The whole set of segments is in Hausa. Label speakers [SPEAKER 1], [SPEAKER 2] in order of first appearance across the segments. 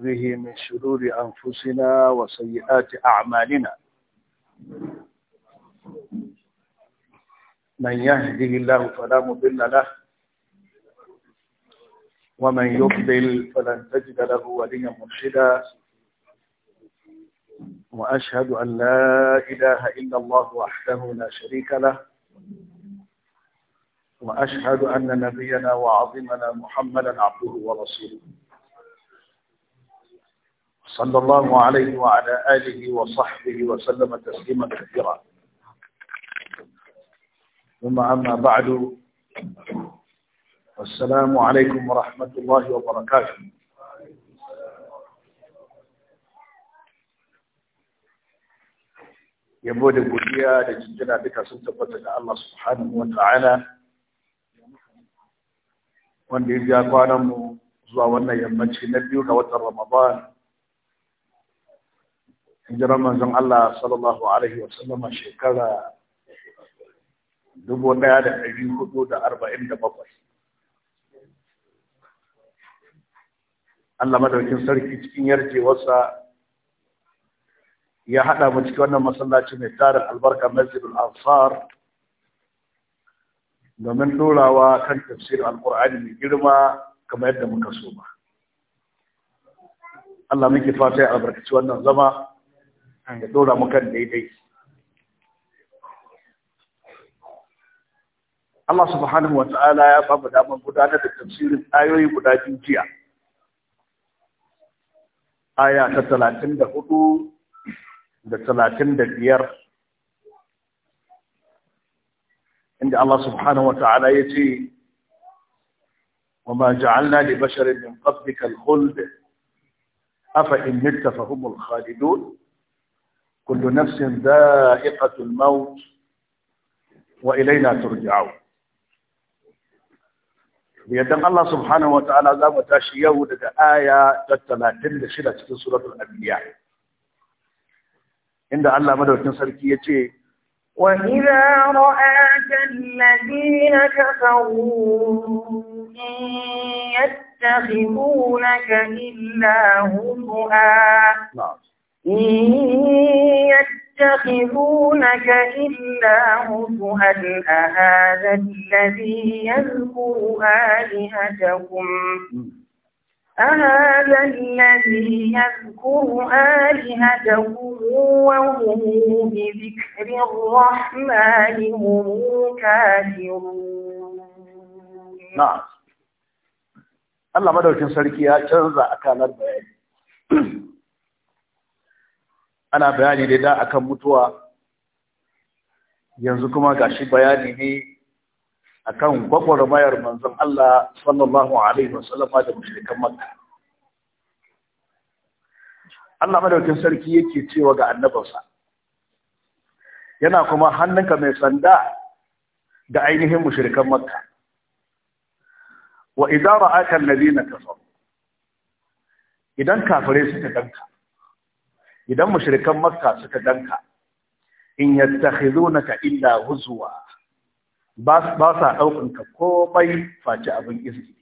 [SPEAKER 1] به من شرور أنفسنا وسيئات أعمالنا من يهده الله فلا مضل له ومن يضلل فلن تجد له وليا مرشدا وأشهد أن لا إله إلا الله وحده لا شريك له وأشهد أن نبينا وعظيمنا محمدا عبده ورسوله صلى الله عليه وعلى آله وصحبه وسلم تسليما كثيرا ثم أما بعد والسلام عليكم ورحمة الله وبركاته يبود بوديا لجدنا بك سنتبتك الله سبحانه وتعالى وانديا قانمو زوا ونا يمنشي نبيو كوات رمضان hijirar manzon Allah sallallahu alaihi wa sallam shekara dubu ɗaya da hudu da arba'in da bakwai Allah madaukin sarki cikin yarjewarsa ya haɗa mu cikin wannan masallaci mai tarin albarka masjidul ansar domin ɗorawa kan tafsir al qurani mai girma kamar yadda muka so ba Allah muke fata ya albarkaci wannan zama ya dora mu kan daidai Allah subhanahu Ta'ala ya babu damar gudanar da tafsirin ayoyi guda biyu aya ta talatin da hudu da talatin da biyar inda Allah subhanahu Ta'ala ya ce وما جعلنا لبشر من قبلك الخلد أفإن مت فهم الخالدون كل نفس ذائقة الموت وإلينا ترجعون بيدن الله سبحانه وتعالى ذا وتاشي يولد آية تتلاتل لشلة في سورة الأنبياء عند الله مدوة نصركية وإذا
[SPEAKER 2] رآك الذين كفروا إن يتخذونك إلا هزؤا نعم يتخذونك إلا هزها أهذا الذي يذكر آلهتكم أهذا الذي يذكر آلهتكم وهم بذكر الرحمن هم كافرون
[SPEAKER 1] نعم الله ما sarki ya canza akalar bayani ana bayani dai da akan mutuwa yanzu kuma gashi bayani ne akan gwagwarmayar manzon Allah sallallahu alaihi wasallam da mushrikan Makka Allah madaukakin sarki yake cewa ga annabinsa yana kuma hannunka mai sanda da ainihin mushrikan Makka wa idza ra'aka alladhina kafaru idan kafirai suka danka idan mushrikan makka suka danka in yattakhizunaka illa huzwa ba ba sa daukan ka komai face abin izini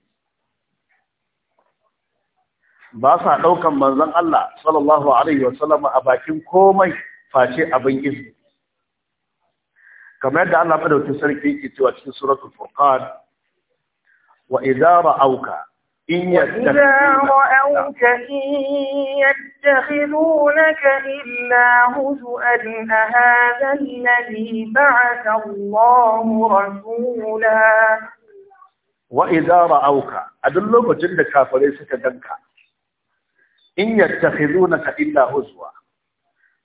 [SPEAKER 1] ba sa daukan manzon Allah sallallahu alaihi wasallam a bakin komai face abin izini kamar yadda Allah madaukakin sarki yake cewa cikin suratul furqan wa idara auka. Wa’iza ba auka, a duk lokacin da kafari suka danka, in yadda hizo na kaɗin da huzuwa,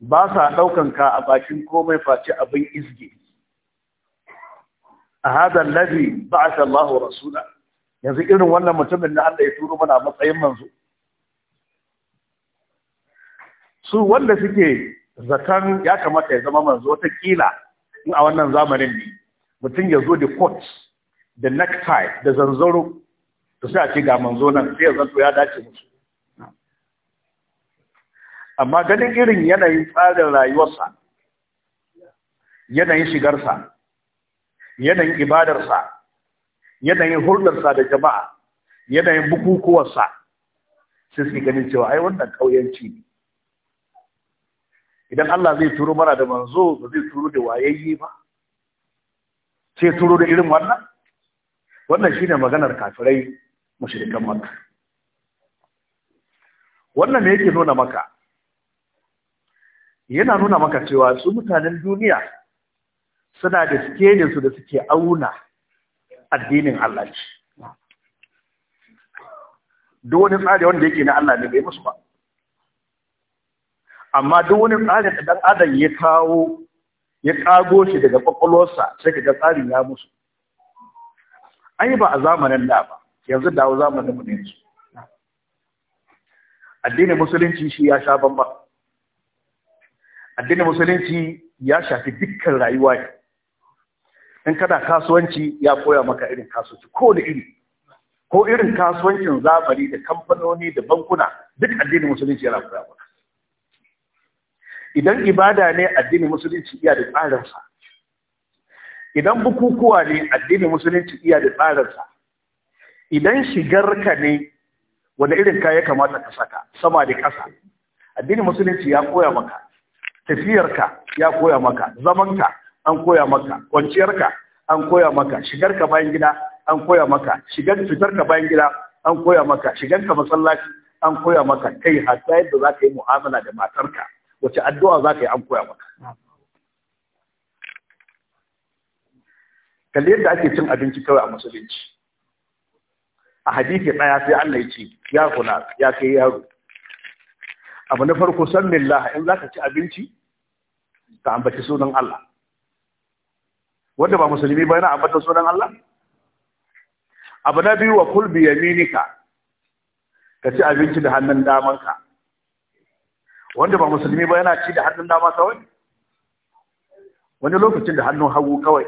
[SPEAKER 1] ba sa ɗaukanka a bakin komai face abin izgi, a haɗa lafi ba a shan Allah yanzu irin wannan mutumin na Allah ya turo mana a matsayin manzo su wanda suke zakan ya kamata ya zama manzo ta kila in a wannan zamanin ne mutum ya zo da coat da necktie da zanzaro to sai a ce ga manzo nan sai ya zanto ya dace musu amma ganin irin yanayin tsarin rayuwarsa yanayin shigarsa yanayin ibadarsa yanayin hulɗarsa da jama'a yanayin bukukuwarsa sai su ganin cewa ai wannan ƙauyenci ne idan Allah zai turo mana da manzo ba zai turo da wayayye ba sai turo da irin wannan wannan shine maganar kafirai mushrikan makka wannan ne yake nuna maka yana nuna maka cewa su mutanen duniya suna da su da suke auna addinin Allah ce duk wani tsari wanda yake na Allah ne bai musu ba amma duk wani tsari da ɗan adam ya kawo ya kago shi daga kwakwalwarsa sai ka ga tsarin ya musu yi ba a zamanin da ba yanzu dawo zamanin mu ne su. addinin musulunci shi ya sha bambam. addinin musulunci ya shafi dukkan rayuwa ne in kana kasuwanci ya koya maka irin kasuwanci ko da iri ko irin kasuwancin zamani da kamfanoni da bankuna duk addinin musulunci yana koya maka idan ibada ne addinin musulunci iya da tsarinsa idan bukukuwa ne addinin musulunci iya da tsarinsa idan shigar ka ne wanda irin kaya kamata ka saka sama da ƙasa addinin musulunci ya koya maka tafiyarka ya koya maka zamanka an koya maka kwanciyarka an koya maka shigarka bayan gida an koya maka shigar fitarka bayan gida an koya maka shigarka masallaci an koya maka kai hatta yadda za ka yi mu'amala da matarka wace addu'a za ka yi an koya maka kalli yadda ake cin abinci kawai a musulunci a hadisi ɗaya sai Allah ya ce ya kula ya kai yaro abu na farko san lillah in za ka ci abinci ka ambaci sunan Allah wanda ba musulmi ba yana ambata sunan Allah abu na biyu wa kulbi bi yaminika ka ci abinci da hannun damanka wanda ba musulmi ba yana ci da hannun dama kawai wani lokacin da hannun hagu kawai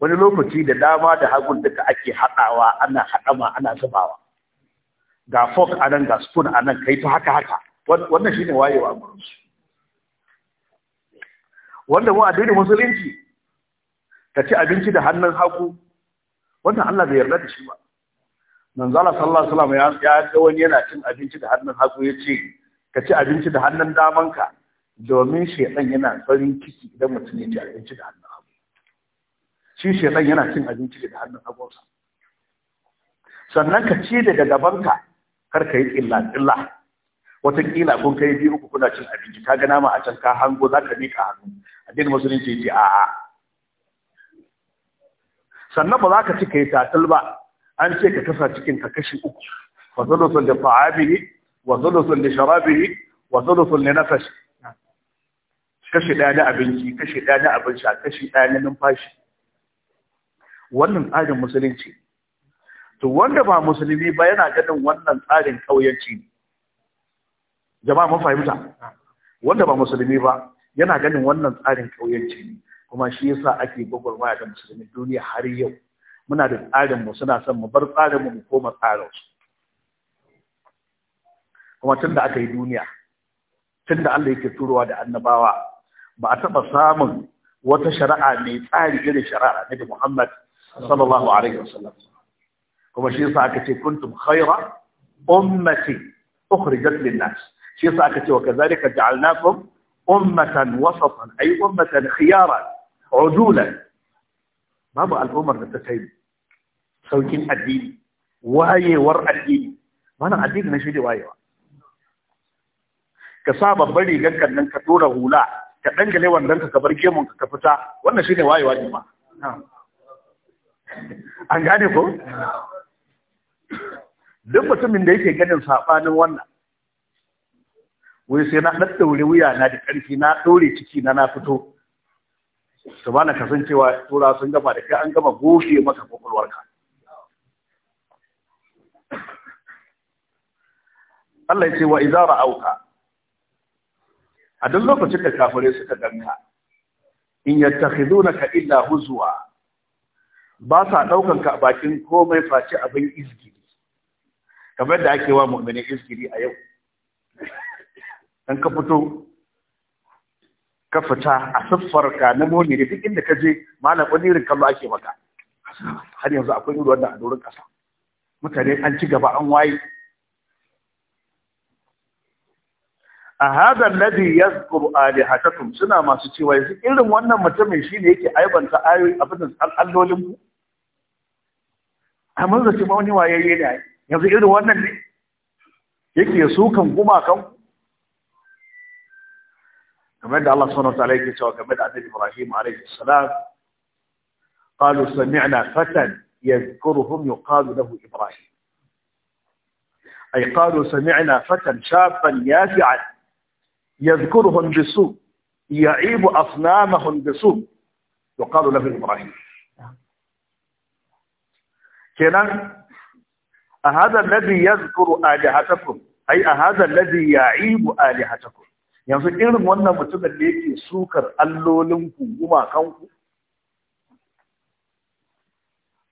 [SPEAKER 1] wani lokaci da dama da hagun duka ake haɗawa ana haɗama ana zubawa ga fork a nan ga spoon a nan kai ta haka haka wannan shi ne wayewa gurin wanda mu addinin musulunci ka ci abinci da hannun hagu wannan Allah bai yarda da shi ba manzala sallallahu alaihi wasallam ya ga wani yana cin abinci da hannun hagu ya ce ka ci abinci da hannun damanka domin shedan yana farin ciki idan mutum ya ci abinci da hannun hagu shi shedan yana cin abinci da hannun hagunsa sannan ka ci daga gabanka kar ka yi illa illa wataƙila kun kai biyu uku kuna cin abinci ka ga nama a can ka hango za ka miƙa hannu addinin musulunci ce a'a sannan ba za ka ci ka yi tatil ba an ce ka kasa cikin ka kashi uku wa sun da fa'abihi wa sun da sharabihi wa sun da nafash kashi ɗaya na abinci kashi ɗaya na abin sha kashi ɗaya na numfashi wannan tsarin musulunci to wanda ba musulmi ba yana ganin wannan tsarin ƙauyanci ne jama'a mun fahimta wanda ba musulmi ba yana ganin wannan tsarin ƙauyanci ne kuma shi yasa ake gwagwarmaya da musulmi duniya har yau muna da tsarin mu suna son mu bar tsarin mu mu koma tsarin su kuma tunda aka yi duniya tunda Allah yake turowa da annabawa ba a taba samun wata shari'a mai tsari irin shari'a na Muhammad sallallahu alaihi wasallam kuma shi yasa aka ce kuntum khayra ummati ukhrijat lin-nas shi yasa aka ce wa kazalika ja'alnakum أمة وسطا أي أمة خيارا udulan babu al'ummar da ta kai saukin addini wayewar addini wannan addini na shi da wayewa ka sa babbar rigar kan nan ka dora hula ka dangale wannan ka bar gemun ka fita wannan shi ne wayewa ne ma an gane ko duk mutumin da yake ganin saɓanin wannan wai sai na ɗaɗɗaure wuya na da ƙarfi na ɗore ciki na na fito su bana kasancewa tura sun gama da kai an gama goge maka kwakwalwarka Allah ya ce wa izara auka a duk lokacin da kafirai suka ganka in yattakhidunaka illa huzwa ba sa daukan ka bakin komai face abin izgiri kamar da ake wa mu'mini izgiri a yau dan ka fito ka fita a ka na moni da duk inda ka je malam wani irin kallo ake maka har yanzu akwai irin wannan a doron kasa. mutane an ci gaba an waye a hada alladhi yazkuru alihatakum suna masu cewa yanzu irin wannan mutumin shine yake aibanta ayoyi abin allolin ku amma zace ma wani wayayye ne yanzu irin wannan ne yake sukan gumakan ku كمد الله صنعت عليك سوى كمد عدد إبراهيم عليه السلام قالوا سمعنا فتى يذكرهم يقال له إبراهيم أي قالوا سمعنا فتى شابا يافعا يذكرهم بسوء يعيب أصنامهم بسوء يقال له إبراهيم كنان أهذا الذي يذكر آلهتكم أي أهذا الذي يعيب آلهتكم yanzu irin wannan mutumin da yake sukar allolinku gumakanku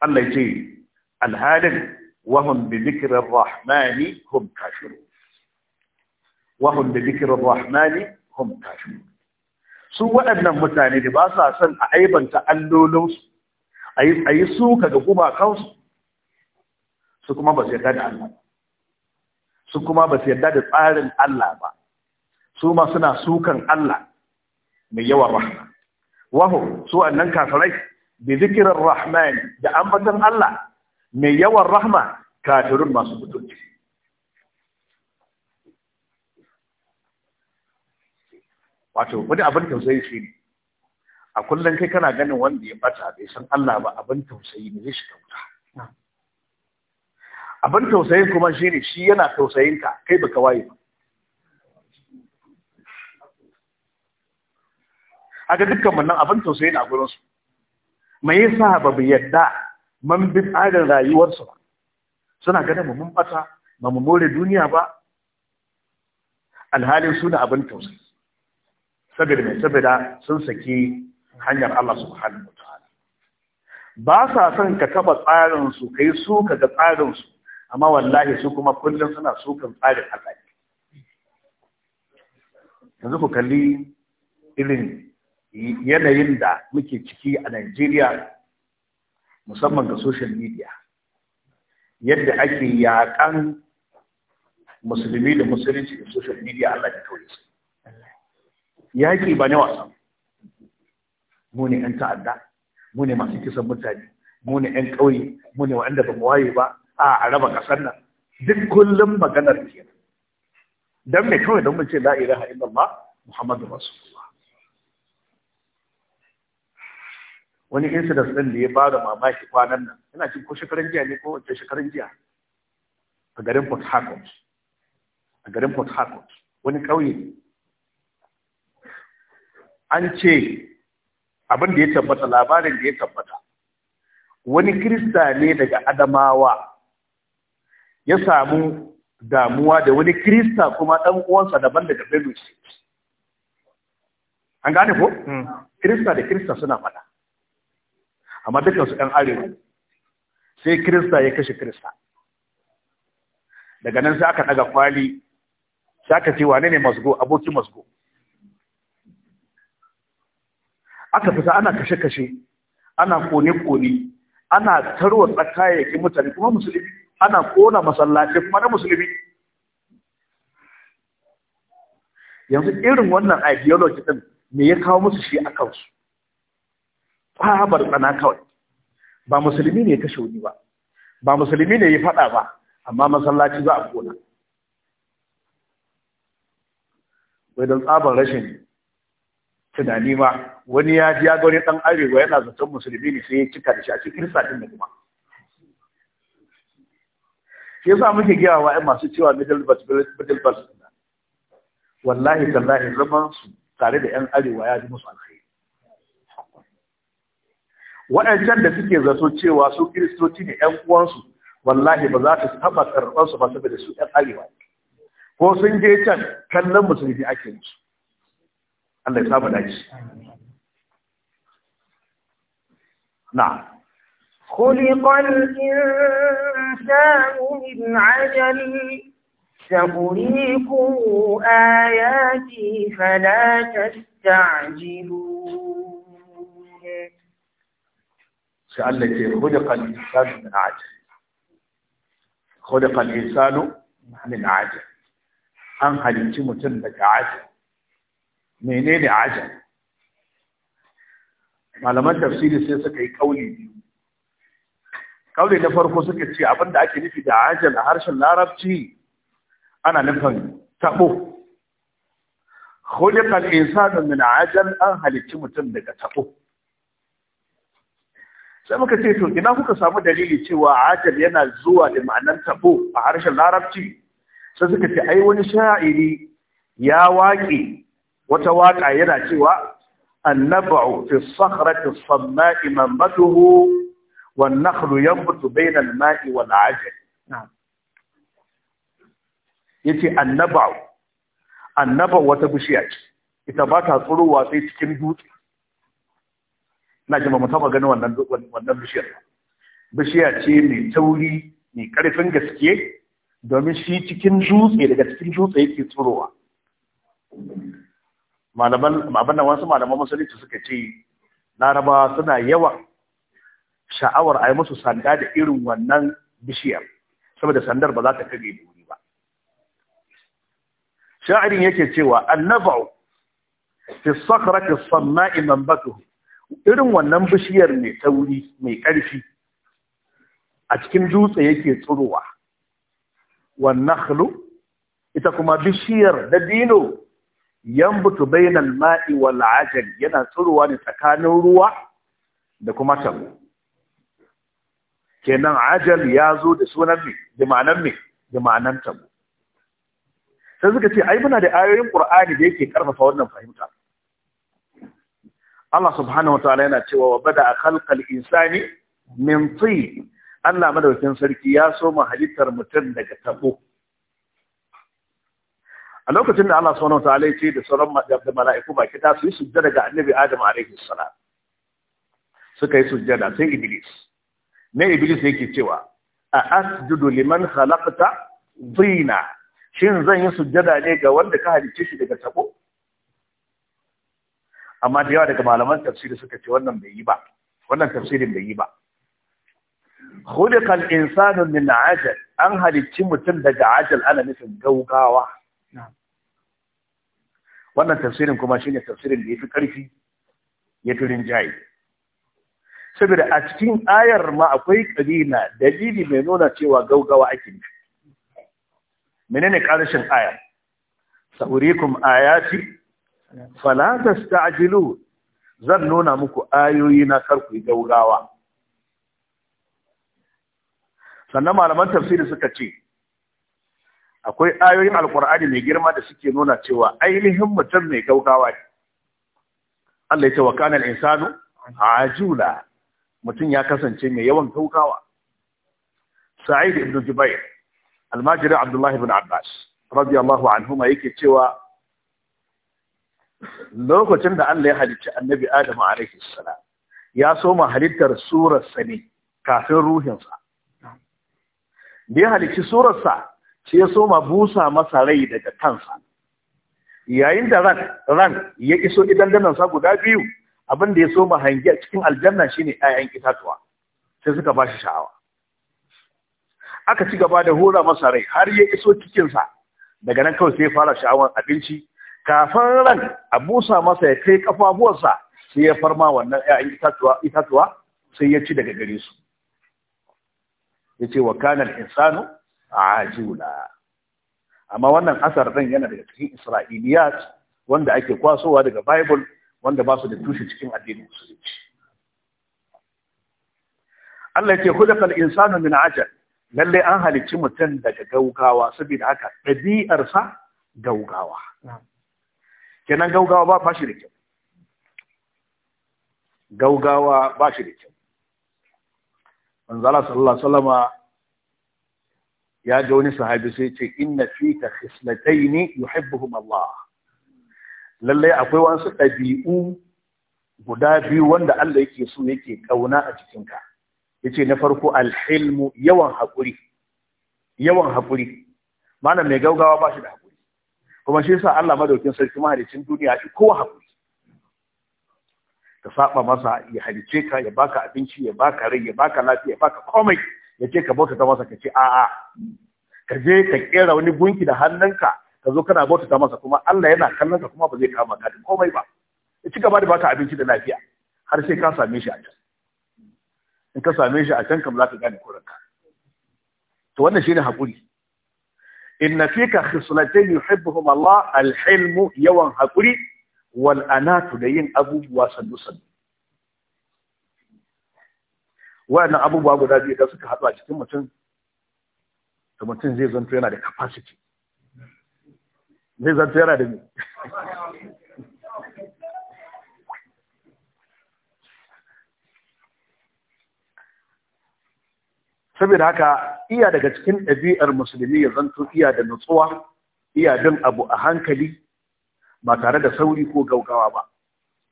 [SPEAKER 1] Allah ya ce alhalin wahun bi zikirar rahmani hum kafiru wahun bi zikirar rahmani hum kafiru su waɗannan mutane da ba sa son a aibanta allolinsu a yi suka ga gumakansu su kuma ba su yarda da Allah su kuma ba su yarda da tsarin Allah ba su ma suna sukan Allah mai yawan rahma wahu su annan kafirai bi zikirar rahman da ambatan Allah mai yawan rahma kafirun masu mutunci wato wani abin tausayi shi ne a kullum kai kana ganin wanda ya bata bai san Allah ba abin tausayi ne zai shiga wuta abin tausayin kuma shi ne shi yana tausayin ka kai baka waye ba ga dukkan wannan abin tausayi na gurin su me yasa ba mu yadda man bi tsarin rayuwar su ba suna ganin mu mun bata ba mu more duniya ba alhalin su da abin tausayi saboda mai saboda sun saki hanyar Allah subhanahu wa ta'ala ba sa son ka taba tsarin su kai su ka ga tsarin su amma wallahi su kuma kullum suna sukan tsarin Allah yanzu ku kalli irin yanayin da muke ciki a Najeriya musamman ga social media yadda ake yakan musulmi da musulunci da social media Allah ya kawai su yaƙi ba ne wasa mu ne ƴan ta'adda mu ne masu kisan mutane mu ne ƴan ƙauye mu ne waɗanda ba mu waye ba a raba ƙasar nan duk kullum maganar ke don mai kawai don mu ce la ilaha illallah muhammadu rasul wani incident ɗin da ya ba da mamaki kwanan nan yana cin ko shekaran jiya ne ko wace shekaran jiya a garin port harcourt a garin port harcourt wani ƙauye ne an ce abin da ya tabbata labarin da ya tabbata wani kirista ne daga adamawa ya samu damuwa da wani kirista kuma ɗan uwansa daban daga benue an gane ko hmm. kirista da kirista suna faɗa amma dukkan su ɗan arewa sai kirista ya kashe kirista daga nan sai aka ɗaga kwali sai aka ce wane ne masgo abokin masgo aka fita ana kashe-kashe ana kone-kone ana tarwa tsakayyakin mutane kuma musulmi ana kona masallaci kuma na musulmi yanzu irin wannan ideology din me ya kawo musu shi a kansu kwabar tsana kawai ba musulmi ne ya kashe wani ba ba musulmi ne ya faɗa ba amma masallaci za a kona wai don tsabar rashin tunani ma wani ya ji ya ga ɗan arewa yana zaton musulmi ne sai ya cika da shi a cikin sa'in da kuma shi yasa muke giyawa wa masu cewa middle bus middle bus wallahi tallahi zaman su tare da yan arewa ya ji musu alkhairi waɗancan da suke zato cewa su kiristoci ne ‘yan uwansu wallahi ba za su taɓa karɓarsu ba saboda su ‘yan arewa ko sun je can kallon musulmi ake musu Allah ya samu dace na
[SPEAKER 2] خلق الإنسان من عجل سأريكم آياتي فلا تستعجلون
[SPEAKER 1] sai Allah ke khuliqal insanu min ajal khuliqal insanu min ajal an halicci mutum daga ajal menene ajal malaman tafsiri sai suka yi kauli biyu kauli na farko suka ce abin da ake nufi da ajal a harshen larabci ana nufin tabo khuliqal insanu min ajal an halicci mutum daga tabo sai muka ce to ina kuka samu dalili cewa ajal yana zuwa da ma'anar tabo a harshen larabci sai suka ce ai wani sha'iri ya waƙe wata waƙa yana cewa annaba'u fi sakhrati samma'i mamatuhu wan nakhlu yanbutu bayna al-ma'i wal ajal yace annaba'u annaba wata bishiya ce ita ba ta tsurowa sai cikin dutse na ji ba mu taba ganin wannan wannan bishiyar bishiya ce mai tauri mai karfin gaske domin shi cikin dutse daga cikin dutse yake tsirowa malaman abin wasu malaman musulunci suka ce laraba suna yawan sha'awar a yi musu sanda da irin wannan bishiyar saboda sandar ba za ta kage buri ba sha'irin yake cewa annaba'u fi sakrati sanna'i manbatuhu irin wannan bishiyar mai tauri mai ƙarfi a cikin dutse yake tsirowa wannan halu ita kuma bishiyar da dino butu bainan ma'i wa ajal yana tsirowa ne tsakanin ruwa da kuma tabo kenan ajal ya zo da sunan mai, da mai me tabo sai suka ce ai muna da ayoyin ƙur'ani da yake ƙarfafa wannan fahimta Allah subhanahu wa ta'ala yana cewa wa bada khalqal insani min tin Allah madaukin sarki ya soma halittar mutum daga tabo a lokacin da Allah subhanahu wataala ya ce da sauran da mala'iku baki ta su yi sujjada ga annabi Adam alaihi salam suka yi sujjada sai Iblis ne Iblis yake cewa a asjudu liman khalaqta zina shin zan yi sujjada ne ga wanda ka halicce shi daga tabo amma da yawa daga malaman tafsiri suka ce wannan bai yi ba wannan tafsirin bai yi ba khuliqal insanu min ajal an halicci mutum daga ajal ana nufin gaugawa wannan tafsirin kuma shine tafsirin da yafi karfi ya turin jayi saboda a cikin ayar ma akwai kalina dalili mai nuna cewa gaugawa ake nufi menene karshen ayar kum ayati fala tasta'jilu zan nuna muku ayoyi na karku gaugawa sannan malaman tafsiri suka ce akwai ayoyin alkur'ani mai girma da suke nuna cewa ainihin mutum mai gaugawa ne Allah ya ce wa kana al-insanu ajula mutum ya kasance mai yawan gaugawa Sa'id ibn Jubair almajiri Abdullah ibn Abbas radiyallahu anhuma yake cewa lokacin da Allah ya halicci annabi Adamu alaihi salam ya soma halittar surarsa ne kafin ruhinsa da ya halicci surarsa sai ya soma busa masa rai daga kansa yayin da ran ran ya iso idan sa guda biyu abin da ya soma hange cikin aljanna shine 'ya'yan itatuwa sai suka ba shi sha'awa aka ci gaba da hura masa rai har ya iso cikinsa daga nan kawai sai ya fara sha'awar abinci kafin ran a busa masa ya kai kafafuwarsa sai ya farma wannan ‘ya'yan itatuwa sai ya ci daga gare su ya ce wa kanar insanu a ajiyula amma wannan asar ɗin yana daga cikin isra'iliyat wanda ake kwasowa daga bible wanda ba su da tushe cikin addinin musulunci Allah ya ce hulakal insanu min ajal Lallai an halicci mutum daga gaugawa saboda haka ɗabi'arsa gaugawa kenan gaugawa ba shi da kyau gaugawa ba shi da kyau manzala sallallahu alaihi wasallama ya ji wani sahabi sai ce inna fika khislataini yuhibbuhum Allah lallai akwai wasu ɗabi'u guda biyu wanda Allah yake so yake kauna a cikinka yace na farko alhilmu yawan hakuri yawan hakuri malam mai gaugawa ba shi da hakuri kuma shi sa Allah madaukin sarki mahalicin duniya shi kowa hakuri ka saba masa ya halice ka ya baka abinci ya baka rai ya baka lafiya ya baka komai ya ce ka bauta ta masa ka ce a'a ka je ka kera wani gunki da hannunka ka zo kana bauta ta masa kuma Allah yana kallon ka kuma ba zai kama ka da komai ba ya ci gaba da baka abinci da lafiya har sai ka same shi a can in ka same shi a can kam za ka gane koranka to wannan shine hakuri inna fika khislatayn yuhibbuhum Allah al-hilm yawan hakuri wal anatu da yin abubuwa sandu sandu wannan abubuwa guda biyu da suka haɗu a cikin mutum to mutum zai zanto yana da capacity zai zanto yana da saboda haka iya daga cikin ɗabi'ar musulmi ya zanto iya da nutsuwa iya bin abu a hankali ba tare da sauri ko gaugawa ba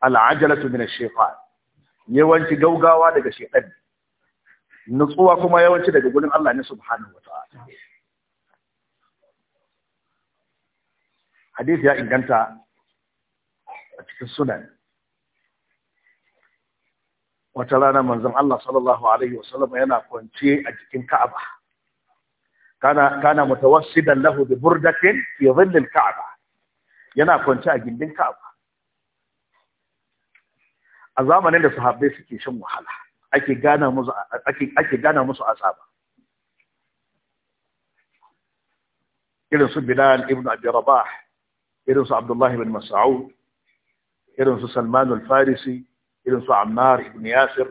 [SPEAKER 1] al'ajalatu min ash-shaytan yawanci gaugawa daga shaytan nutsuwa kuma yawanci daga gurin Allah ne subhanahu wata'ala hadisi ya inganta a cikin sunan wata rana manzon Allah sallallahu alaihi wasallam yana kwance a jikin Ka'aba kana kana mutawassidan lahu bi burdatin ke dhillil Ka'aba yana kwance a gindin Ka'aba a zamanin da sahabbai suke shan wahala ake gana musu a zaba. irin su Bilal ibn Abi Rabah irin su Abdullah bin Mas'ud irin su Salman al-Farisi irin su Ammar ibn Yasir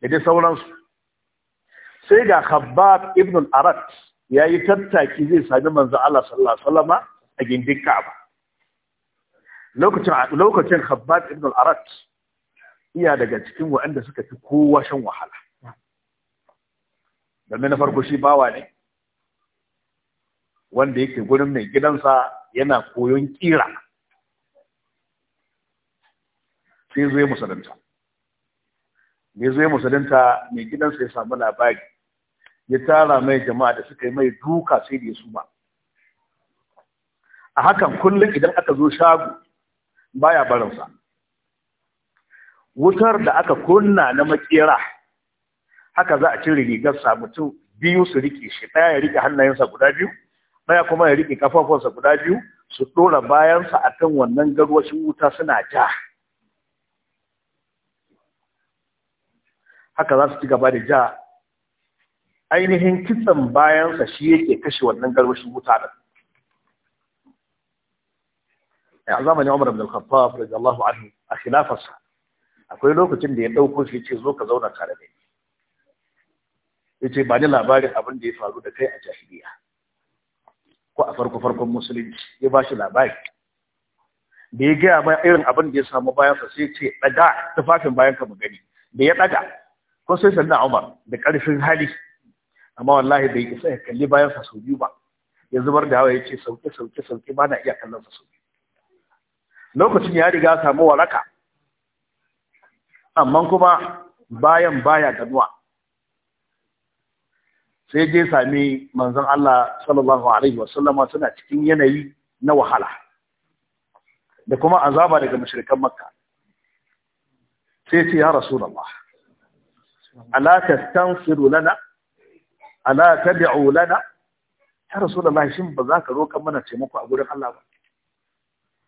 [SPEAKER 1] da dai sauransu sai ga Khabbab ibn al-Arat yayi tattaki zai sami manzo Allah sallallahu alaihi a gindin Ka'aba lokacin lokacin Khabbab ibn al-Arat iya daga cikin waɗanda suka fi kowa shan wahala domin na farko shi bawa ne wanda yake gurin mai gidansa yana koyon kira sai zo ya musulunta da ya zo musulunta mai gidansa ya samu labari ya tara mai jama'a da suka yi mai duka sai da ya suma a hakan kullum idan aka zo shago baya barinsa wutar da aka kunna na makera haka za a cire rigarsa mutum biyu su rike shi ɗaya ya rike hannayensa guda biyu ɗaya kuma ya rike kafafunsa guda biyu su ɗora bayansa a kan wannan garwashin wuta suna ja haka za su ci gaba da ja ainihin kitsan bayansa shi yake kashe wannan garwashin wuta da a zamanin Umar ibn al-Khattab a khilafarsa akwai lokacin da ya ɗauko shi yace zo ka zauna tare da ni ce ba ni labarin abin da ya faru da kai a jahiliya ko a farko farkon musulunci ya ba shi labari da ya gaya mai irin abin da ya samu bayansa sai ce daga tufafin bayan ka mu gani da ya daga ko sai sanna Umar da karfin hali amma wallahi bai isa ya kalli bayan sa sau biyu ba ya zubar da hawa ya ce sauke sauke sauke ba na iya kallon sa sau lokacin ya riga samu waraka amma kuma bayan baya ganuwa sai je sami manzon Allah sallallahu alaihi wasallama suna cikin yanayi na wahala da kuma azaba daga mushrikan makka sai ce ya rasulullah ala tastansiru lana ala tad'u lana ya rasulullahi shin ba za ka roƙa mana taimako a gurin Allah ba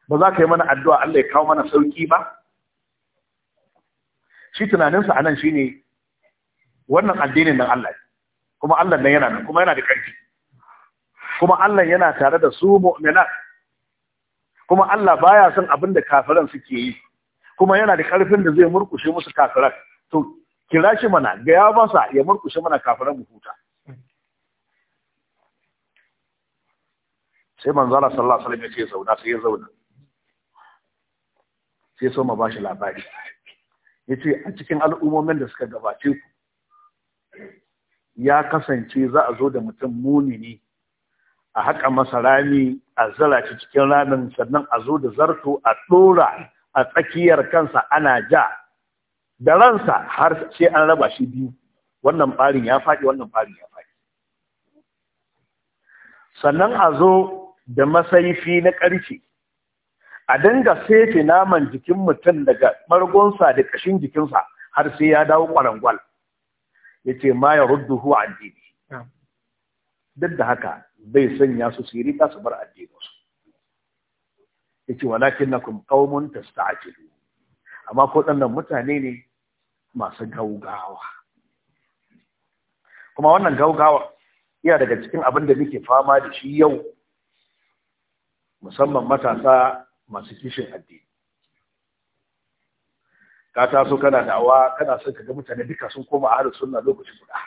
[SPEAKER 1] ba za ka yi mana addu'a Allah ya kawo mana sauki ba shi sa anan shine wannan addinin nan Allah kuma Allah nan yana nan kuma yana da ƙarfi kuma Allah yana tare da su mu'mina kuma Allah baya son abin da kafiran suke yi kuma yana da ƙarfin da zai murkushe musu kafiran to kira shi mana gaya masa ya murkushe mana kafiran mu huta sai manzala sallallahu alaihi wasallam ya ce zauna sai ya zauna sai so ma bashi labari yace a cikin al'ummomin da suka gabace ku ya kasance za a zo da mutum muni munini a haƙa masa rami a zara shi cikin ramin sannan a zo da zarto a ɗora a tsakiyar kansa ana ja da ransa har sai an raba shi biyu wannan ɓarin ya faɗi wannan ɓarin ya faɗi sannan a zo da masaifi na ƙarfe a dinga sefe naman jikin mutum daga ɓargonsa da ƙashin jikinsa har sai ya dawo ƙwarangwal ya ce ma ya rudu huwa addini duk da haka bai sanya su su yi riƙa su bar addininsu ya ce walakin na kun ƙaumun ta amma ko ɗannan mutane ne masu gaugawa kuma wannan gaugawa iya daga cikin abin da muke fama da shi yau musamman matasa masu kishin addini ka taso kana da'awa kana son ka ga mutane duka sun koma a harin suna lokaci guda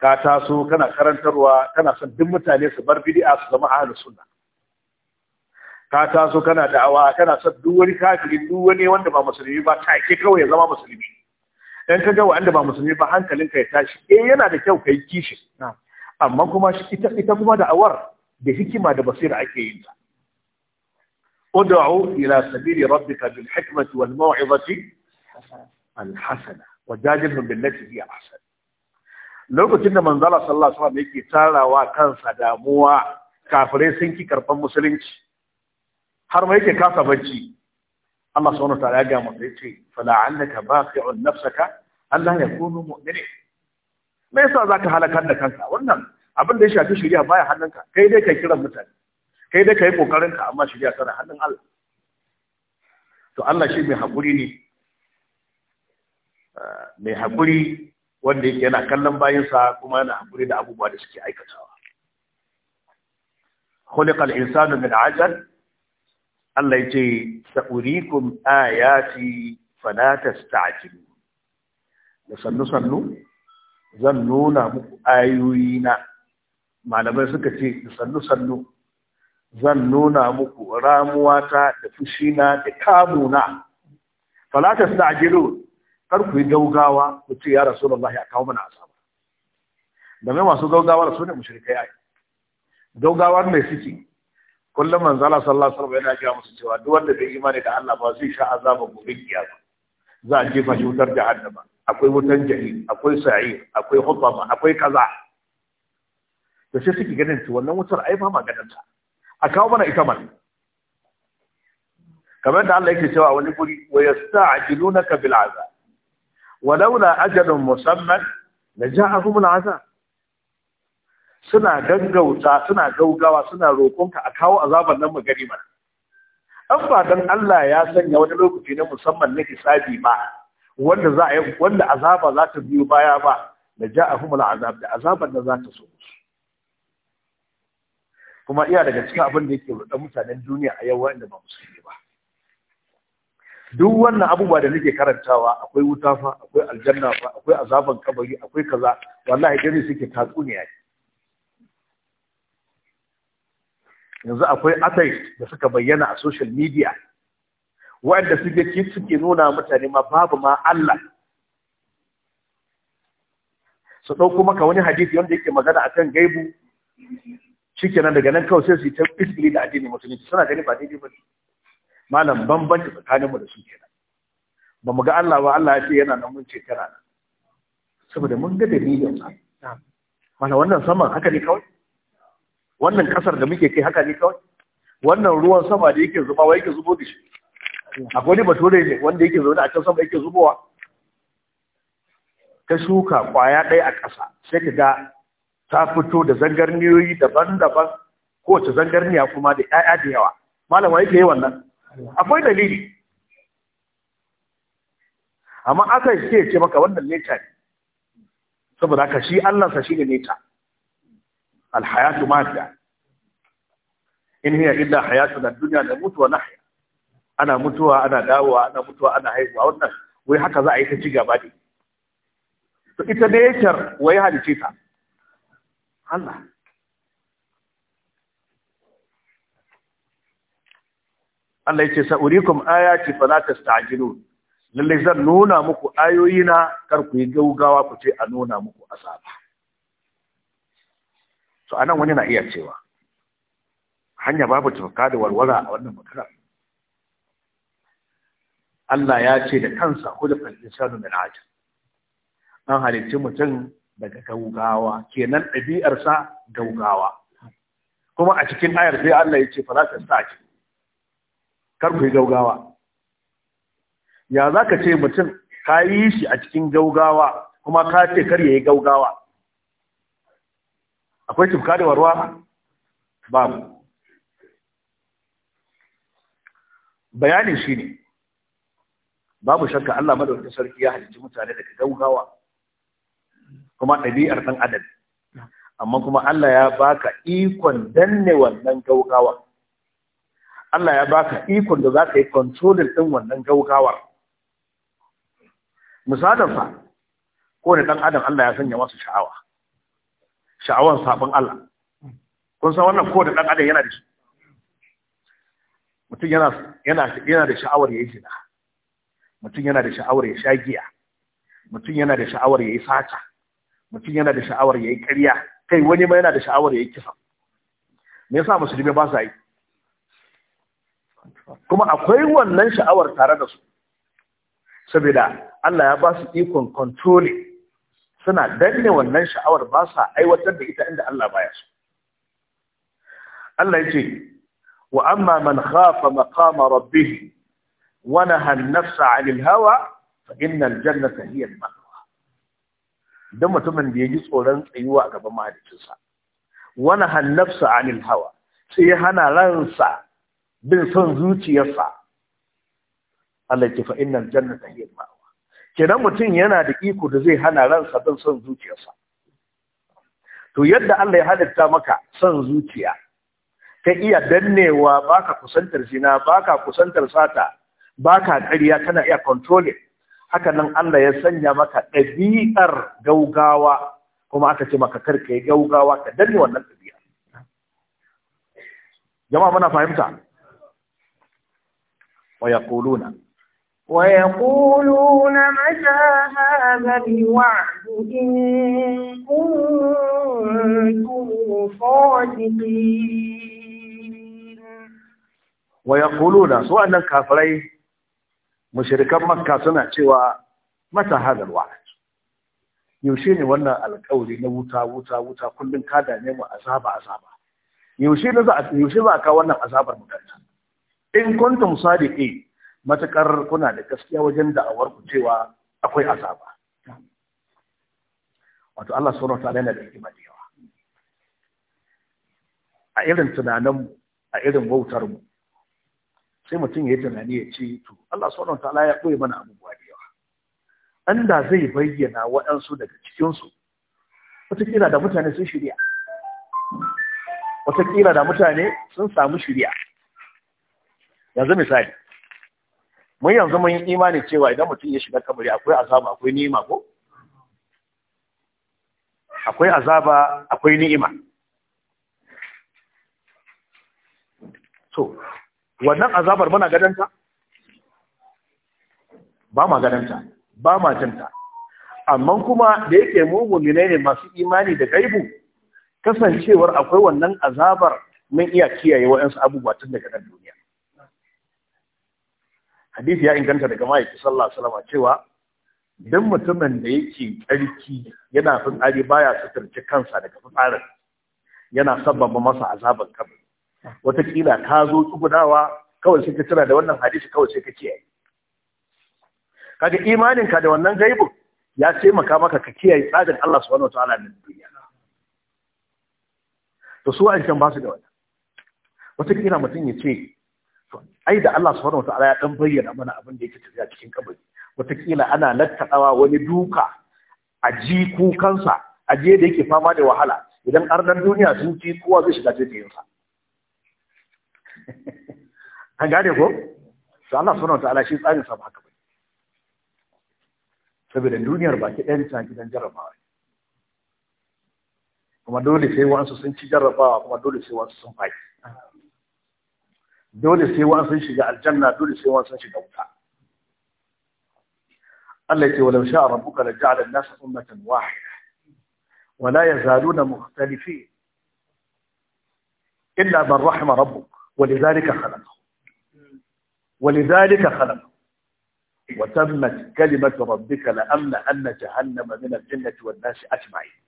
[SPEAKER 1] ka taso kana karantarwa kana son duk mutane su bar bid'a su zama a harin suna. ka taso kana da'awa kana son duk wani kafiri duk wani wanda ba musulmi ba take kawai ya zama musulmi dan ka ga wanda ba musulmi ba hankalinka ya tashi eh yana da kyau kai kishi amma kuma ita ita kuma da'awar da hikima da basira ake yin ta ud'u ila sabili rabbika bil hikmati wal maw'izati al hasana wajadilhum billati hiya ahsan lokacin da manzala sallallahu alaihi wasallam yake tarawa kansa damuwa kafirai sun ki karban musulunci har ma yake kasa bacci Allah subhanahu wataala ya ga masa yace annaka baqi'un nafsaka Allah ya kunu mu'mini me yasa zaka halakar da kanka wannan abin da ya shafi shari'a baya hannunka kai dai kai kiran mutane kai dai kai kokarin ka amma shari'a tana hannun Allah to Allah shi mai hakuri ne ah, mai hakuri wanda yake yana kallon bayinsa kuma yana hakuri da abubuwa da suke aikatawa khuliqal insanu min ajal Allah ya ce sa'urikum ayati fala tastajilu da sannu sannu zan nuna muku ayoyi na malamai suka ce da sannu sannu zan nuna muku ramuwata da fushina da kamuna fala tastajilu kar ku yi gaugawa ku ce ya rasu rasulullahi a kawo mana asaba da mai masu gaugawar su ne mushrikai ai gaugawar mai suke kullum Manzala Allah sallallahu alaihi wasallam yana ga musu cewa duk wanda bai imani da Allah ba zai sha azaba gobe kiyama za a jefa shi wutar jahannama akwai wutan jahi akwai sa'i akwai hutama akwai kaza to sai suke ganin to wannan wutar ai ba maganar ta a kawo mana ita man kamar da Allah yake cewa wani guri wa yasta'jilunaka bil azab ولولا اجل مسمى al azab suna gaggauta suna gaugawa suna roƙonka a kawo azaban nan mu gari mana an ba dan Allah ya sanya wani lokaci na musamman na hisabi ba wanda za a yi wanda azaba za ta biyo baya ba da ja'ahumul azab da azaban da za ta so kuma iya daga cikin abin da yake rudan mutanen duniya a yau wanda ba musulmi ba duk wannan abubuwa da nake karantawa akwai wuta fa akwai aljanna fa akwai azaban kabari akwai kaza wallahi dare suke tatsuniya ne yanzu akwai atheist da suka bayyana a social media wanda suke suke nuna mutane ma babu ma Allah su ɗauko maka wani hadisi wanda yake magana akan gaibu nan daga nan kawai sai su yi ta isbili da addini musulunci suna gani ba daidai ba malam bambanci tsakaninmu da su kenan ba mu ga Allah ba Allah ya ce yana nan mun ce tana saboda mun ga dalilin sa mana wannan saman haka ne kawai wannan kasar da muke kai haka ne kawai wannan ruwan sama da yake zuba wa yake zubo da shi akwai ne bature ne wanda yake zaune a can sama yake zubowa Ta shuka kwaya ɗaya a ƙasa sai ka ga ta fito da zangarniyoyi daban-daban kowace zangarniya kuma da 'ya'ya da yawa malama yake yi wannan akwai dalili amma aka ce ce maka wannan neta ne saboda ka shi Allah sa shi ne neta alhayatu mata in hiya illa hayatuna dunya da mutuwa na ana mutuwa ana dawowa ana mutuwa ana haihuwa wannan wai haka za a yi ta ci gaba ne to ita nature wai halice ta Allah Allah yace sa'urikum ayati fala tasta'jilun lalle zan nuna muku ayoyina kar ku yi gaugawa ku ce a nuna muku asaba to anan wani na iya cewa hanya babu tafka da warwara a wannan makara Allah ya ce da kansa hulufin insanu min ajin an halicci mutum daga gaugawa kenan ɗabi'arsa gaugawa kuma a cikin ayar sai Allah ya ce fara ta sake kar ku yi gaugawa ya za ka ce mutum ka yi shi a cikin gaugawa kuma ka ce kar ya yi gaugawa akwai tufka da warwa babu bayanin shi ne babu shakka Allah madaukakin sarki ya halicci mutane daga gaugawa kuma ɗabi'ar ɗan adam amma kuma Allah ya baka ikon danne wannan gaugawa Allah ya baka ikon da za ka yi kontrolin ɗin wannan gaugawar misalinsa ko da ɗan adam Allah ya sanya masu sha'awa sha'awar sabon Allah kun san wannan ko da adam yana da shi mutum yana da sha'awar ya yi zina mutum yana da sha'awar ya sha giya mutum yana da sha'awar ya yi sata mutum yana da sha'awar ya yi ƙarya kai wani ma yana da sha'awar ya yi kisa me yasa musulmi ba sa yi kuma akwai wannan sha'awar tare da su saboda Allah ya ba su ikon controlling suna danne wannan sha'awar ba sa aiwatar da ita inda Allah baya so Allah yace wa amma man khafa maqama rabbih wa naha an-nafsa 'anil hawa fa innal jannata hiya al-ma'wa dan mutumin da yaji tsoron tsayuwa a gaban mahaliccinsa wa naha an-nafsa 'anil hawa sai ya hana ransa bin son zuciyarsa Allah yace fa innal jannata hiya al kenan mutum yana da iko da zai hana ransa don son zuciyarsa to yadda Allah ya halitta maka son zuciya ka iya dannewa baka kusantar zina baka kusantar sata baka ƙarya kana iya controlling haka nan Allah ya sanya maka ɗabi'ar gaugawa kuma aka ce maka karka yi gaugawa ka danne wannan ɗabi'a jama'a muna fahimta wa yaquluna ويقولون
[SPEAKER 2] متى هذا الوعد إن كنتم صادقين
[SPEAKER 1] ويقولون سواء كافرين مشركان مكة سنة سوى متى هذا الوعد yaushe ne wannan alƙawari na wuta wuta wuta kullum ka dame mu azaba azaba yaushe ne za a yaushe za a ka wannan azabar mutanta in kuntum sadiqin matukar kuna da gaskiya wajen da'awar ku cewa akwai azaba wato Allah subhanahu wataala yana da hikima da yawa a irin tunaninmu a irin wautar mu sai mutum ya yi tunani ya ce to Allah subhanahu wataala ya koyi mana abubuwa da yawa an da zai bayyana waɗansu daga cikinsu wataƙila da mutane sun shirya wataƙila da mutane sun samu shirya yanzu misali mun yanzu mun yi imani cewa idan mutum ya shiga kabari akwai azaba akwai ni'ima ko akwai azaba akwai ni'ima so wannan azabar muna gadanta ba ma gadanta ba ma jinta amma kuma da yake mu mu'mine ne masu imani da gaibu kasancewar akwai wannan azabar mun iya kiyaye wa'ansu abubuwa tun daga duniya hadisi ya inganta daga ma'aikin sallallahu alaihi wasallam cewa duk mutumin da yake tsarki yana fitsari baya suturci kansa daga fitsarin yana sabbaba masa azaban kabari wataƙila ka zo tsugudawa kawai sai ka tuna da wannan hadisi kawai sai ka kiyaye kaga imanin ka da wannan gaibu ya taimaka maka ka kiyaye tsarin Allah subhanahu Ta'ala na duniya to su wa'ancan ba su da wannan wataƙila mutum ya ce ai da Allah subhanahu wataala ya dan bayyana mana abin da yake tafiya cikin kabari wataƙila ana lattaɗawa wani duka a ji kukansa a je da yake fama da wahala idan arnan duniya sun ci kowa zai shiga jirginsa an gane ko su Allah suna wata ala shi tsarin sa haka bai saboda duniyar ba ki ɗan can gidan jarrabawa kuma dole sai wasu sun ci jarrabawa kuma dole sai wasu sun faki dole sai wa sun shiga aljanna dole sai wa sun shiga wuta Allah ya ce walau sha rabbuka la ja'ala an-nas ummatan wahida wa la yazaluna mukhtalifin illa man rahima rabbuk wa lidhalika khalaqahu wa lidhalika khalaqahu وتمت كلمة ربك لأملأن جهنم من الجنة والناس أجمعين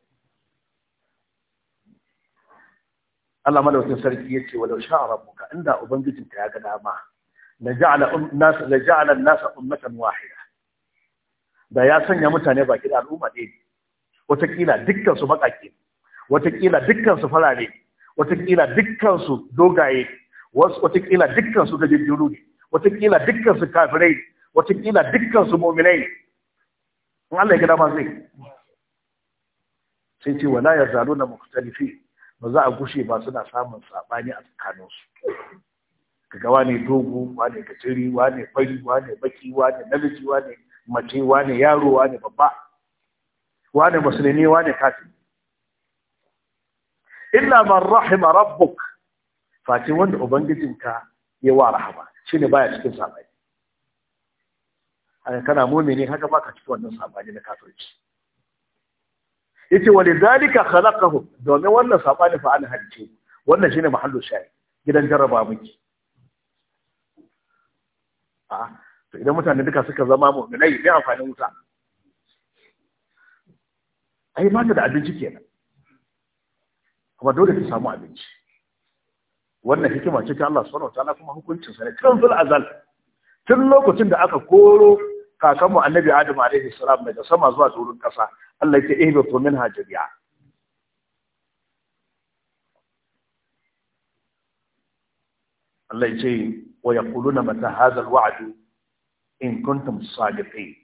[SPEAKER 1] Allah madaukakin sarki yace wa law sha'a ka, inda ubangijinka ya ga dama Na ja'ala um-, nas la ja'ala an-nas ummatan wahida da ya sanya mutane baki da al'umma ne. wataƙila dukkan su baƙaƙe wataƙila dukkan su farare watakila dukkan su dogaye watakila dukkan su gajejjeru ne wataƙila dukkan su kafirai watakila dukkan su mu'minai Allah ya ga dama zai sai ce wala yazaluna mukhtalifi ba za a gushe ba suna samun saɓani a tsakaninsu ga wane dogo wane gajeri wane fari wane baki wane namiji wane mace wane yaro wane babba wane musulmi wane kafin illa man rahima rabbuk fati wanda ubangijinka ya wa rahama shine baya cikin sabani haka kana ne haka baka cikin wannan sabani na kafirci yace wa lidhalika khalaqahu domin wannan sabani fa an halice wannan shine mahallu shayi gidan jarraba miki a to idan mutane duka suka zama mu'minai ne amfani wuta ai ma da abinci kenan kuma dole ta samu abinci wannan hikima ce ta Allah subhanahu wataala kuma hukuncin sa ne kan fil azal tun lokacin da aka koro kakanmu annabi adam alaihi salam daga sama zuwa doron kasa Allah ya ce ihbitu minha jami'a Allah ya ce wa yaquluna mata hadha alwa'd in kuntum sadiqin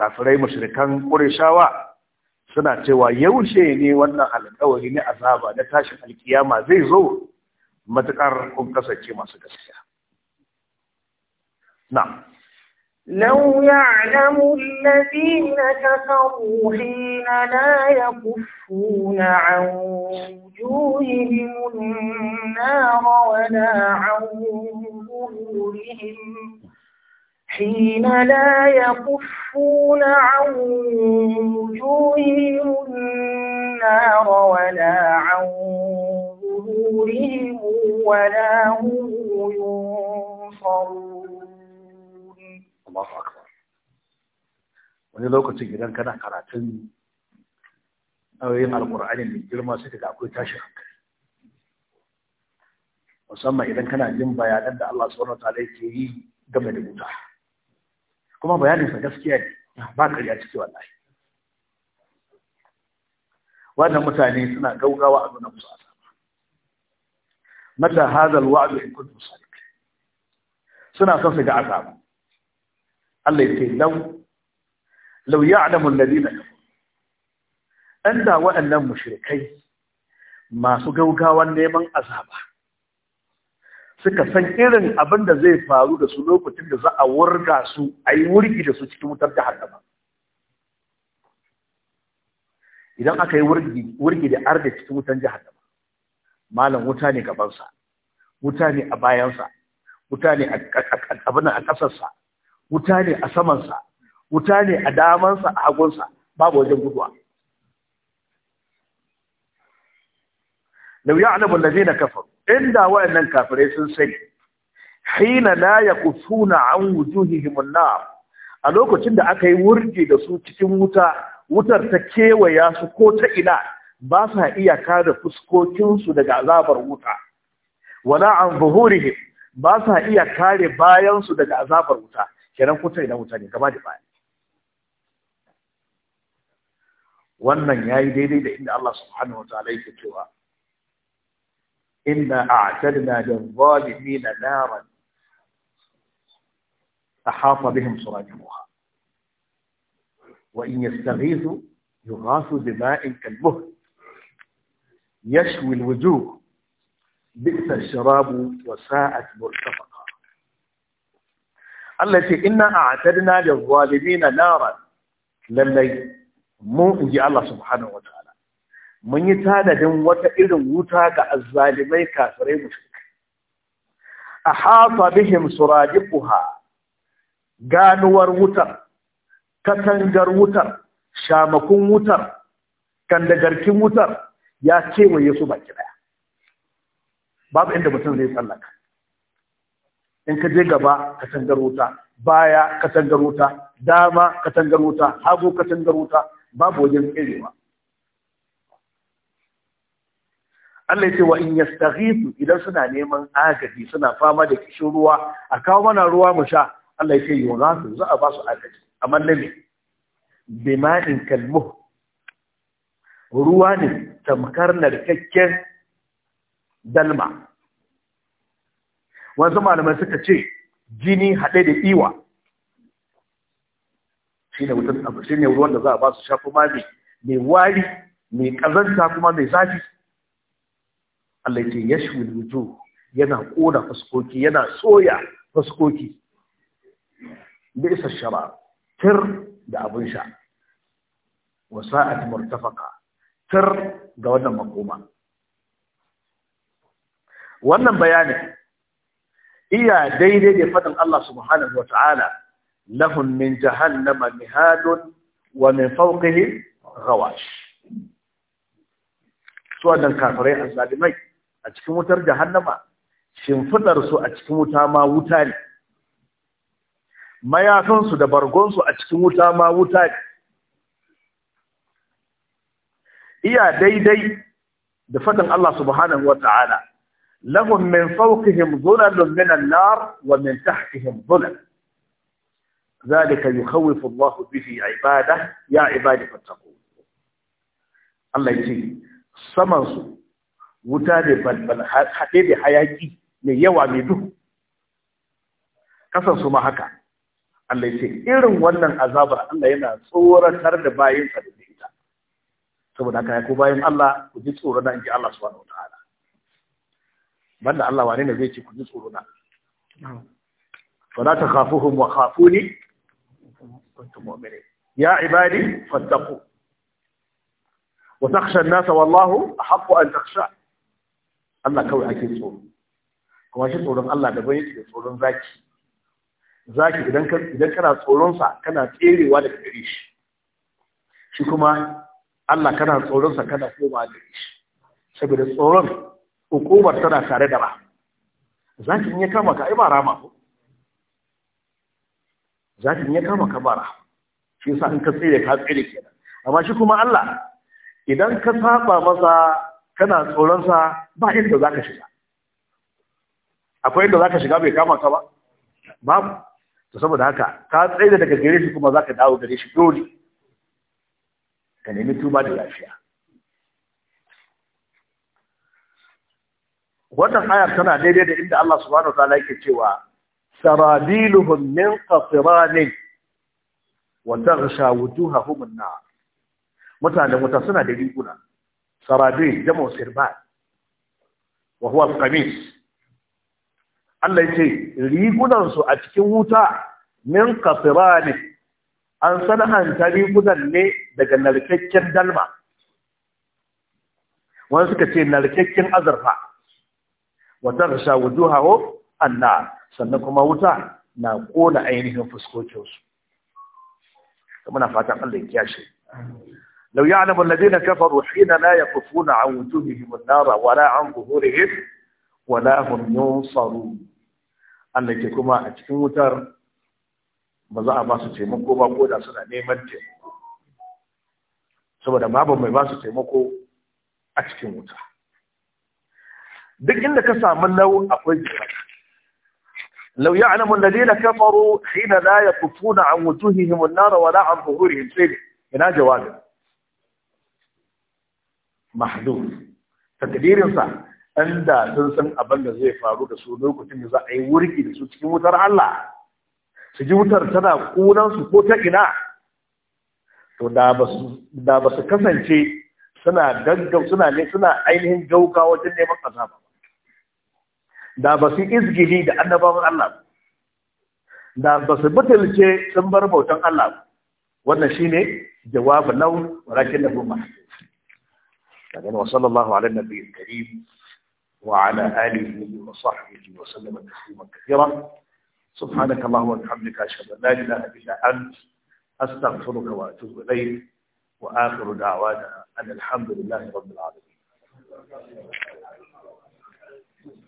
[SPEAKER 1] kafirai mushrikan qurayshawa suna cewa yaushe ne wannan alƙawari ne azaba da tashin alkiyama zai zo matakar kun kasance masu gaskiya na'am
[SPEAKER 2] لو يعلم الذين كفروا حين لا يكفون عن وجوههم النار ولا عن ظهورهم حين لا يكفون عن وجوههم النار ولا عن ظهورهم ولا هم ينصرون
[SPEAKER 1] Allahu akbar wani lokacin idan kana karatun ayoyin alkur'ani mai girma suka ga akwai tashin hankali musamman idan kana jin bayanan da Allah subhanahu ta'ala yake yi game da wuta kuma bayanin sa gaskiya ne ba kariya ciki wallahi wannan mutane suna gaugawa a nuna musu azaba mata hadal wa'du in kuntum sadiqin suna son su ga azaba Allah ya ce lau lau an da waɗannan mushrikai masu gaugawan neman azaba suka san irin abin da zai faru da su lokacin da za a wurga su a yi wurgi da su cikin wutar jahannama idan aka yi wurgi da arda cikin wutar wutan ba, malam wuta ne gabansa wuta ne a bayansa wuta ne a ƙasarsa wuta ne a samansa wuta ne a damansa a hagunsa babu wajen guduwa lau ya'lamu na kafaru inda wayannan kafirai sun sai hina la yaqusuna an wujuhihim an-nar a lokacin da aka yi wurji da su cikin wuta wutar ta kewaya su ko ta ina ba sa iya kada fuskokinsu daga azabar wuta wala an zuhurihim ba sa iya kare bayansu daga azabar wuta kenan kuta ina wuta ne gaba da baya wannan yayi daidai da inda Allah subhanahu wa ta'ala yake cewa inna a'tadna lil zalimina naran ahata bihim suradiquha wa in yastaghithu yughasu bima'in kal-muhl يشوي الوجوه بئس الشراب وساءت مرتفقا Allah ce inna da lil na nara lallai mu inji Allah subhanahu ta'ala mun yi tanadin wata irin wuta ga azzalimai kafirai mushrikai ahata bihim suradiquha ganuwar wutar katangar wutar shamakun wutar kandagarkin wutar ya wa Yesu baki daya babu inda mutum zai tsallaka in ka je gaba ka tangar wuta baya ka tangar wuta dama ka tangar wuta hagu ka tangar wuta babu wajen tserewa Allah ya ce wa in yastaghithu idan suna neman agaji suna fama da kishin ruwa a kawo mana ruwa mu sha Allah ya ce yughathu za a ba su agaji amma nabi bima'in kalmuh ruwa ne tamkar narkakken dalma wasu malamai suka ce jini haɗe da iwa shi ne ruwan da za a ba su shafi ma mai wari mai ƙazanta kuma mai zafi Allah ce ya shi wujo yana ƙona fuskoki yana soya fuskoki da isa shara tir da abin sha wasa'at murtafaka tir ga wannan makoma wannan bayanin iya daidai da faɗin Allah subhanahu wa ta'ala lahun min jahannama mihadun wa min fawqihi rawash. su wadannan kafirai azzalimai a cikin wutar jahannama shimfidar su a cikin wuta ma wuta ne mayakansu da bargonsu a cikin wuta ma wuta ne iya daidai da faɗin Allah subhanahu wa ta'ala lahum min fawqihim dhulalun min an-nar wa min tahtihim dhulal ذلك يخوف الله به عباده يا عبادي فاتقون Allah ce samansu wuta ne balbal haɗe da hayaki mai yawa mai duhu kasansu ma haka Allah ce irin wannan azabar Allah yana tsoratar da bayan sa da ita saboda haka ya ko bayan Allah ku ji tsoro da inji Allah subhanahu banda Allah wane ne zai ci ku tsoro na wala takhafuhum wa khafuni kuntum mu'minin ya ibadi fattaqu wa takhsha an-nas wallahu ahaqqu an takhsha Allah kawai ake tsoro kuma shi tsoron Allah da bai da tsoron zaki zaki idan idan kana tsoron sa kana tserewa daga gare shi shi kuma Allah kana tsoron sa kana koma gare shi saboda tsoron hukumar tana tare da ba Zakin in ya kama ka ai ma ku ko ya kama ka bara shi sa in ka tsere ka ke nan? amma shi kuma Allah idan ka saba masa kana tsoron sa ba inda za ka shiga akwai inda za ka shiga bai kama ka ba babu to saboda haka ka tsere daga gare shi kuma ka dawo gare shi dole ka nemi tuba da lafiya wannan aya tana daidai da inda Allah subhanahu wataala yake cewa sarabiluhum min qatiranin wa taghsha wujuhahum an-nar mutanen muta suna da riguna sarabil jama'u sirbat wa huwa al-qamis Allah yace rigunan su a cikin wuta min qatiranin an tari rigunan ne daga narkakken dalma wani suka ce narkakken azurfa wa tarsha wujuhahu annar sannan kuma wuta na kona ainihin fuskokin su na fatan Allah ya kiyashe law ya'lamu alladhina kafaru hina la yaqfuna an wujuhihim an-nar wa la an zuhurihim wa la hum yunsaru Allah ke kuma a cikin wutar ba za a ba su taimako ba ko da suna neman taimako saboda babu mai ba su taimako a cikin wutar. duk inda ka samu lau akwai jihar lau ya alamu lalai na kafaro na za an wutu wa za a fuhuri himse ne ina jawabin mahadu ta inda sun san abin da zai faru da su lokacin da za a yi wurki da su cikin wutar allah su ji wutar tana kunan su ko ta ina to da ba su kasance suna gaggau suna ne suna ainihin gauka wajen neman azaba ba da ba su izgili da annabawan Allah da ba su butulce sun bar bautan Allah wannan shine jawabu lau rakin nabu ma daga wa sallallahu ala sallam karim wa ala alihi wa sahbihi wa sallama tasliman kathira سبحانك اللهم وبحمدك اشهد ان ان الحمد لله رب العالمين